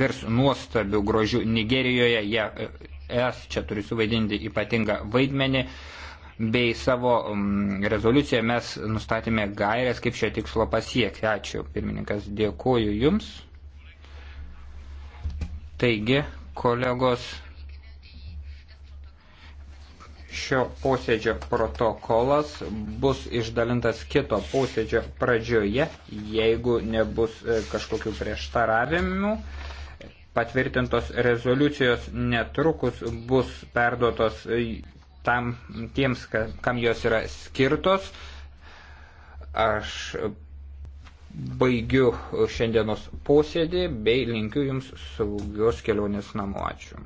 virs nuostabių grožių Nigerijoje, jie e, es čia turi suvaidinti ypatingą vaidmenį, bei savo mm, rezoliuciją mes nustatėme gairias, kaip šio tikslo pasiekti. Ačiū, pirmininkas, dėkuoju Jums. Taigi, kolegos, šio posėdžio protokolas bus išdalintas kito posėdžio pradžioje, jeigu nebus e, kažkokių prieštaravimų. Patvirtintos rezoliucijos netrukus bus perduotos e, tam, tiems, kam jos yra skirtos. Aš baigiu šiandienos posėdį bei linkiu Jums saugios kelionės namo. Ačiū.